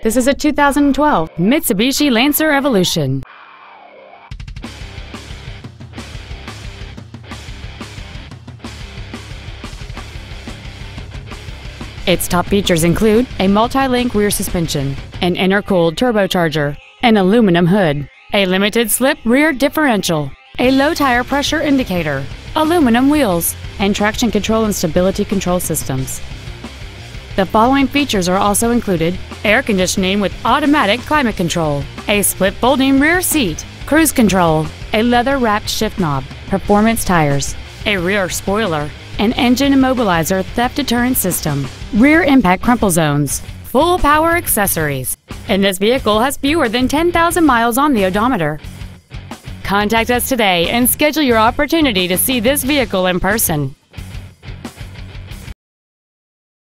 This is a 2012 Mitsubishi Lancer Evolution. Its top features include a multi-link rear suspension, an intercooled turbocharger, an aluminum hood, a limited slip rear differential, a low tire pressure indicator, aluminum wheels, and traction control and stability control systems. The following features are also included air conditioning with automatic climate control, a split folding rear seat, cruise control, a leather wrapped shift knob, performance tires, a rear spoiler, an engine immobilizer theft deterrent system, rear impact crumple zones, full power accessories, and this vehicle has fewer than 10,000 miles on the odometer. Contact us today and schedule your opportunity to see this vehicle in person.